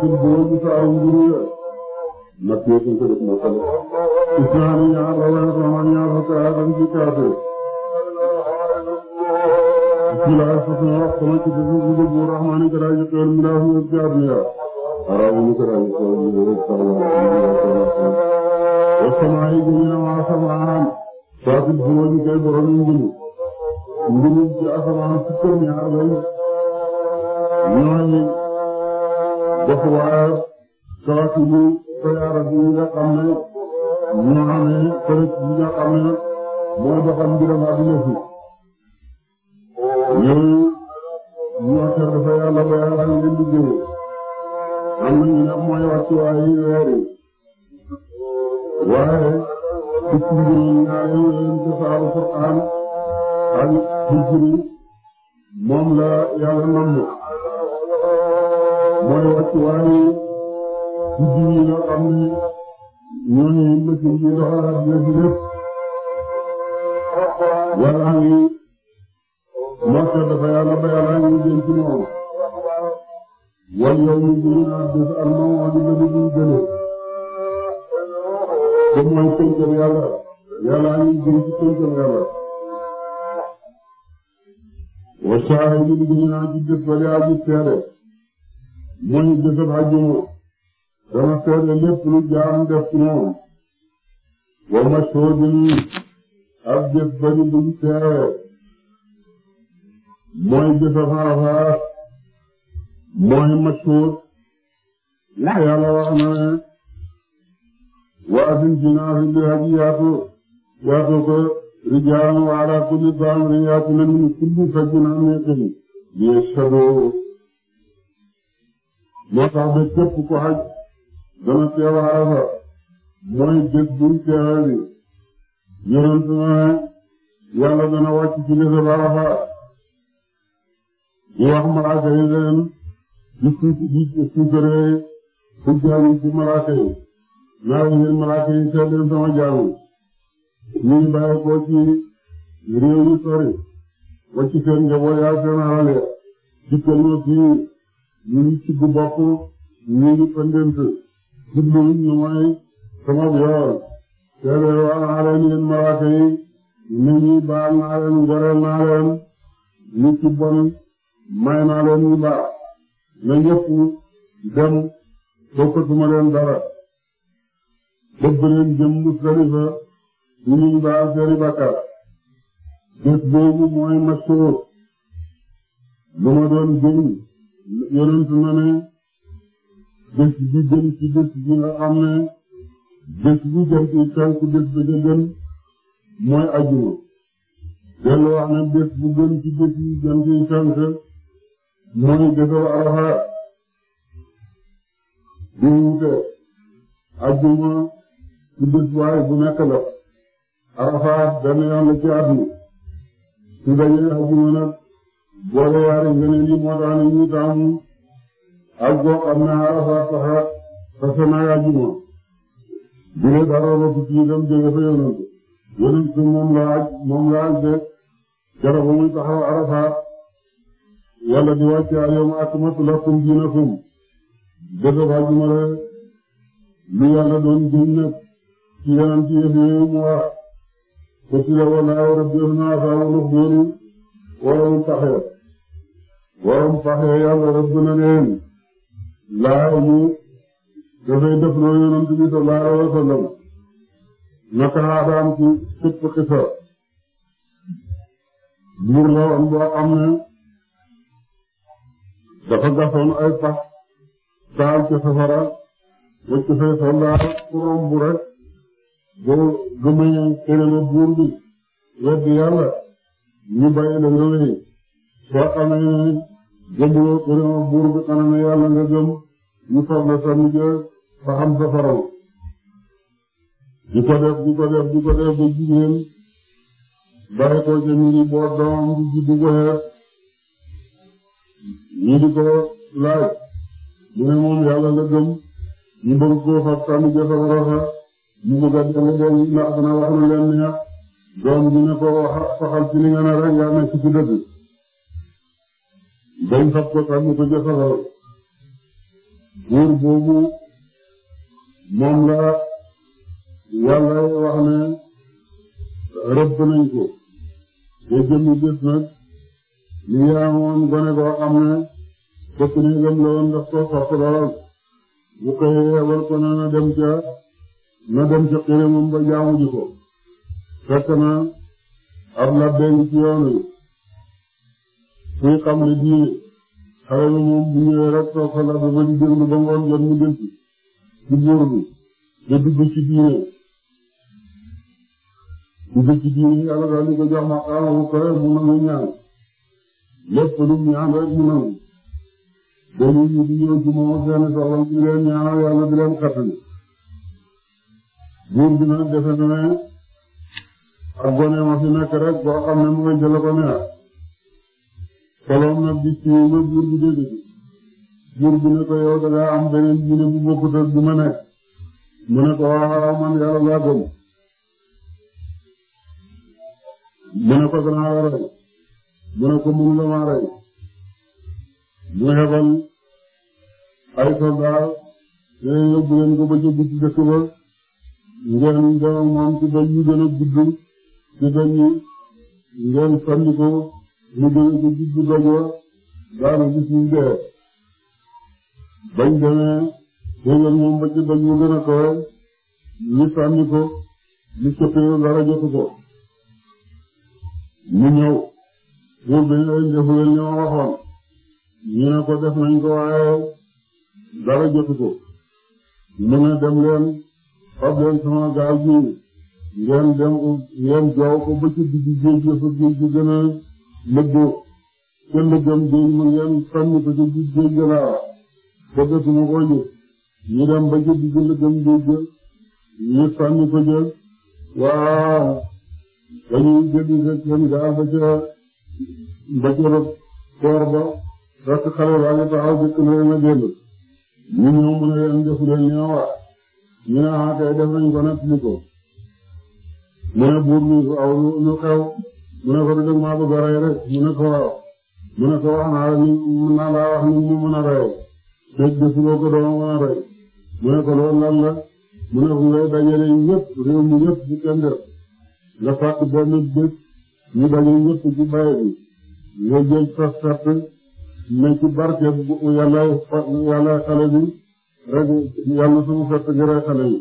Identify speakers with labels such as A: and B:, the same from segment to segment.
A: bil buruj fa aw nguru na te ko ko mo ko islam ya rawa rahman ya rata ram ji ka do bila fasu wa kuma ki bu bu bu rahman ka ra ji ko mila hu ja dunya ara hu ka ra ko ji bu ka wa wa samai dunya wa samaan fa bil buruj ka borom nguru nguru ja samaan ko ñaar lay ñoy waxuwaay salaatu bi tayaara bi nga xam ne ñu amee përëb bi nga xam ne moo doxal mbiram àdduna si ñooñu ñoo seet dafa yàlla ba yàlla ñu leen di jëlee am na ñu ne mooy wàccuwaay yi weer yi waaye picc yi ñaari leen defaaru Qur'aan ak hijri moom la yàlla namm mooy wàccuwaayu guddi yi nga xam ni ñooñu mbëkk yi doxal ak ñoom ñëpp yàlla ngi màcce dafa yàlla ba yàlla ngi jëm ci moom wal yow mi ngi naan des almawa di gën a di gënee te mooy tënkal yàlla yàlla ngi jëm ci tënkal yàlla. wa saa yi ñu ngi naan ci gëstu ba di àgg seede. muy jëfëb àjjuma dana seede lépp lu jaam def ci moom wa mashhudin ak jëf ba ñu buñ seere mooy jëfëb Arafaat mooy mashhud ndax yàlla wax na ne wa asim jinaafi bi hadiyaatu yaatu ko rijaalan wa ala kulli daamirin yaatuuna min kulli fajjin amiiqin liyashhaduu moo tax ba képp ko xaj dana teew Arafa mooy bés buñ teewee bi yonent na ne dana wàcc ci bésab Arafa di wax malaaka yi leen di suukaree fu ci malaaka yi naa yéen malaaka yi seet leen sama jaamu ñu ngi bàyyi ko wàcc seen njaboot yaa seen alal ya dikkal ma fii ñu ngi ci bu bopp ñu ngi pëndent jublu ñu mooy sama yool te rewa naa leen yéen malaaka yi ni ñi baal naa leen goreel naa leen bon may naa leen ñu na ñëpp dem bokkatuma leen dara bëgg leen jëm Musdalifa ñu ñu baal seeni bakkar bés boobu mooy mashur lu ma doon jëriñ yonent na ne bés bi gën ci bés bi nga xam bi gën ci kaw ci bés mooy ajjuma dellu wax ne bés bu gën ci bés yi gën ci sank mooy bésu arafa bu wute ajjuma ci bés bu nekk la arafa benn yoon la ci at mi su dajee ajjuma boole yaari ngëneel yi moo tax ñu taamu ak boo xam ne Arafat taxa fas yéene juma bi ne dara ba tukki itam jóge fa yonent yonent moom la aj la aj de jarab muy taxaw Arafat yàlla di wàcce al-yawma akmaltu lakum diinakum dëgg fa juma la lu yàlla doon gëm nekk ci yeneen ci yëf yi mu wax ko ci la wallaahu rabbi naa saa wala wala mu waroon faxee yàlla rëbb na leen laay mu dafay def loo yonent bi sallallahu alayhi wa sallam naka dafa gasoon ay pax taal ci safara wacc fay soldaar ku romb rek boo gëmee tërële buur bi weddi yàlla ñu bàyyi la nga wéy amee gëm yoo gërëma buur bi xanaa ne yàlla nga gëm ñu foog la sa mujjee ba xam sa faraw di ko def di ko def di ko def ba jigéen bàyyi ko ca ñu ngi boot doom di juddu ko xeet ñu di ko laaj mu ne moom yàlla nga gëm ñu bëgg koo fab sa mujjee sa faraw sa mu bëgg a dellu doom ndax na wax na leen neex doom bi ne ko waxal ci li nga ne rek nga nekk ci dëgg bañ fab ko tànn ko jëfandoo buur boobu moom la yàlla wax ne rëbb nañ ko te jëmmi bés nag li gone koo xam ne gëm la woon daf ko sopp lool ko na na dem na dem ca xire moom ko fekk ab labbe ngi ci yoon wi suñu tàmbali diine xale bi moom bu ñëwee fa la ba di déglu ba ngoon jot mu jëm ci di góorlu dugg ci diine dugg ci diine yàlla daal di ko jox maqaama bu koy mu mën a ñaan lépp lu ñaan rek mu nangu dañuy ñu ci moom seen soxla di leen ñaanal yàlla di leen xattali bi nag defe na ne gone ma fi nekk rek boo xam ne mu ngi jël ko soloom na gis ñëw na bi dégg ci bi ne ko yow da ngaa am beneen diine bu bokkut ak bi ma nekk ko waaw man yàlla laa gëm mu ne ko danaa la rey mu ne ko mënu la maa rey mu xebal ay soldat yooyu yóbbu leen ko ba jëgg ba ñu gën a gudd ci bañ ñu ngeen sànni liggéey bi gis nga góor daanaka gis ñu bañ gën a kawe ñu sànni ko ñu soppeeku dara jotu ko mu ñëw pour bi ñu leen def leen li ma waxoon ko def nañ ko waaye dara jotu ko mu ne dem leen fab leen sama gaal gi ngeen dem ngeen joow ko ba ci digg géej gi fa géej gi lëbb seen lëggam géej mu ngeen sànni ko ci géej ñu dem ba jëgg ci ko jël waaw dañuy jëggi rek seen gaal ba ca ba ca rëb koor ba rekk xale baa ngi taxaw jëkk na leen a génn ñu ñëw mu ne leen defu leen ah ko nag li ko mu aw ñu xew mu ne ko nag bëgg a rey rek mu ne ko wax naa la wax ni mu mën a rey dëj bi ko doon mën rey mu loolu lan la mu ne ko ngay dajale mi ñëpp bu kenn def nga fàtt benn bés ñu daje ñëpp ci bay nga jël fas fàtt ne ci barke bu xale bi rek yàlla suñu fett gi xale yi.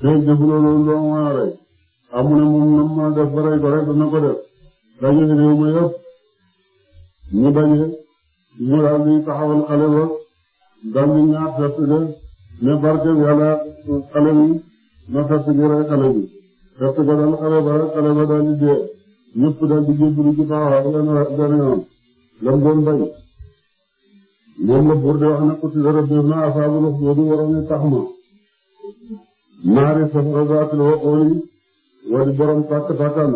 A: tey jëfuloo loolu doon mën rey amu ah, moom na mën a def ba rey ko rek dana ko def. daje réew mi yëpp ñu bañe ñu daal di taxawal xale ba daal di ñaar certifié ne barke bi yàlla xale bi na certifié rek xale bi certifié daal xale ba rek xale ba daal di dee ñëpp daal di jébbalu ci taxawaay benn benn yoon la mu doon bañ moom la buur de wax ne kuti dara biir na asaabul uxduudi waroon ñu tax ma naari safara zaatil waqooli wala borom tàkk tàkkal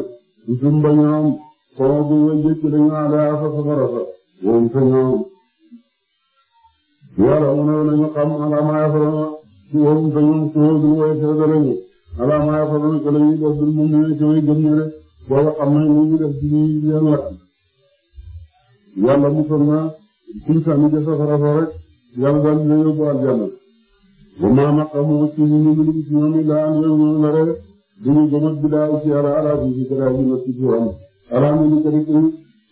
A: ñu fi mu bañ a am soo bu ma jëkk dañoo àndaa fa safara fa moom fa ñoom yàlla mu ne nañu xam alaamaaya fa doon ci moom fa ñoom ci moom duñu way seede lañu alaamaaya fa doon ko lañuy def duñ mu ne ci way gëm ne rek boobu xam nañ lu ñu def ci leen lakk yàlla mu sol na kuñ sànni ja safara fa rek yàlla daal dina yóbbu aljanna ba maa maqa moom ci ñu ñu ñu ci ñoom yi daa am yow ñoom la rek duñu gëmat bi daa uti ala ala bi ci dara ñu ci ci wàllu alhamdulilah këriñ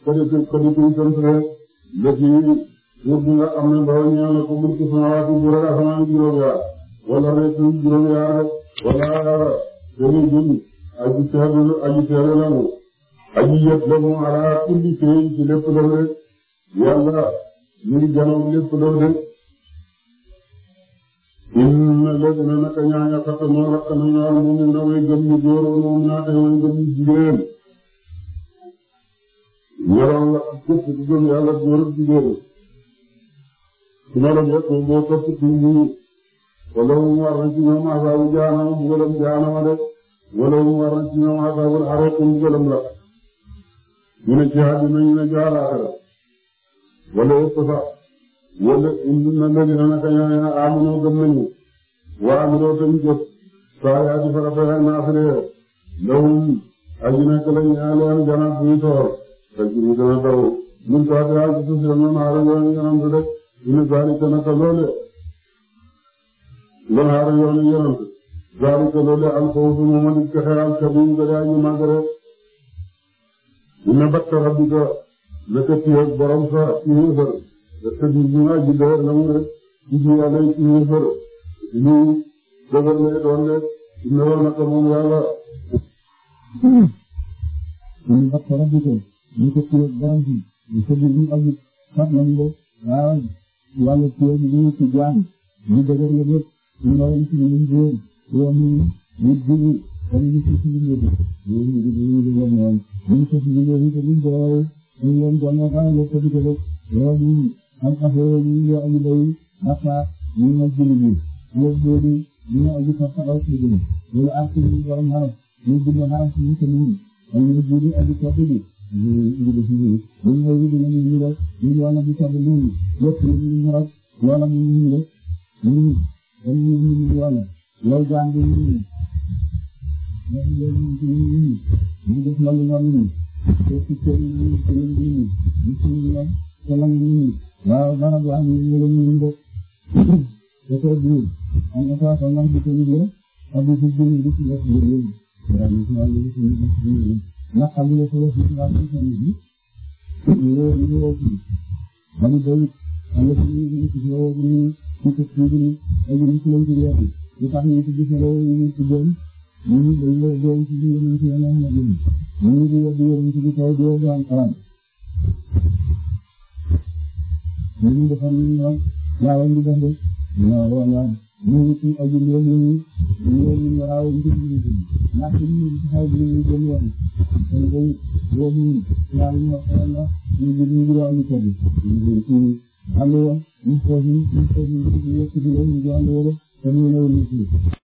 A: këriñ këriñ këriñ sant la nga xam na ko mulki samaawaat yi juróomi asamaan juróom-ñaar wala rek juróom-ñaar wala këriñ jëm aji seetlu aji seetlu la mu aji yëpp la mu ala seen ci lépp la rek yàlla ñu ngi janoog lépp la rek. inna mu ngi na way gëm wala mu ñaaxee way gëm ñu jigéen yoroon la ak képp ku gëm yàlla góor ak jigéen su ma la jot moom moo topp ci ñi wala mu war na ci ñoom asaabu jaanama mbugalam jaanama de wala mu war na ci ñoom asaabul araq mbugalam la ñu ne ci àddina ñu ne jaalaxira wala yëpp sax wala indi na léegi na naka ñoo ne amunoo gëm nañu waa amuloo tamit jëf saa yaa di farata yaa naafile lahum ajina kala ñu aleen ganaat buy toor te ji bi dana taw ñun quoi que daal di suuf rek ñun maa doon yoroon yoroon rek ñun daal di gën a ko loole ñun maa doon yoroon yoroon daal di ko loole am ko wutu mu mën di joxe am kër yi nga daal ñu màgg rek ñu ne bàtt rab bi quoi naka kii borom sa kii yu bëri parce que ji bi maa ji dëgër na mu rek ji bi yàlla kii yu bëri ñun dëgër lay doon rek ñu ne war na ko moom yàlla.
B: ñun bàtt rab bi quoi. ñu ko téye garanti ñu ko jël ñu amul sax nañ ko waaw yàlla téye ñu ci jaam ñu dëgër la lépp ñu ñëwoon ci ñun réew yow ñu ñu dugg dañu ñu ci suñu mbir yow ñu dugg ñu dugg ak ñoom ñu ko suñu mbir ñu ko ñu doole ñu leen jàngal xaaral ko di ko def yow ñu am affaire yi ñu amul day naka ñu ma jëli ñu yow loolu ñu ma aju fa xaral ci dund loolu ak ñu borom xaral ñu dund xaral ci ñu ko ñu ñu ñu aju ko bi ñu ñu ñu ñu ñu ñu ñu ñu ñu wala ci tabu ñu yépp ñu ñu rek wala ñu ñu rek ñu ñu ñu ñu wala lay jàng ñu ñu ñu ñu ñu def la ñu ñu te ci seen ñu ñu ñu ñu ñu la te la ñu waaw dara bu am ñu ñu ñu ñu te ko du am na fa fa ñu ñu ñu ak bu bu ñu ci def ñu ñu ñu ñu ñu nga xam ne solo si si wàllu service bi ñu ngi woo fii ba mu doon am na suñu ngi ci woo bu ñu ci ci ci ñu ay ñu ci lañ ci weer bi ñu tax ñu ci gisee woo ñu ci doon ñu ngi dañ la doon ci ñu ñu ci yàlla na ñu ñu ngi di woo di woo ci di taw di woo am xaram ñu ngi defal ñu ñoom yaa wañ di def de ñu woo ñoom ñu ngi ci ay ñu ñu ñu ñu ñu raaw ñu ci ñu ndax ñun ñu ngi ci xaw bi ñu gën yoon kon day wax ñun yàlla ñu wax yàlla ñu ngi ñu ngi wàllu kër yi. ñu ngi ci àll wa ñu xool ñu ñu xool ñu yëkkati leen ñu ànd wala te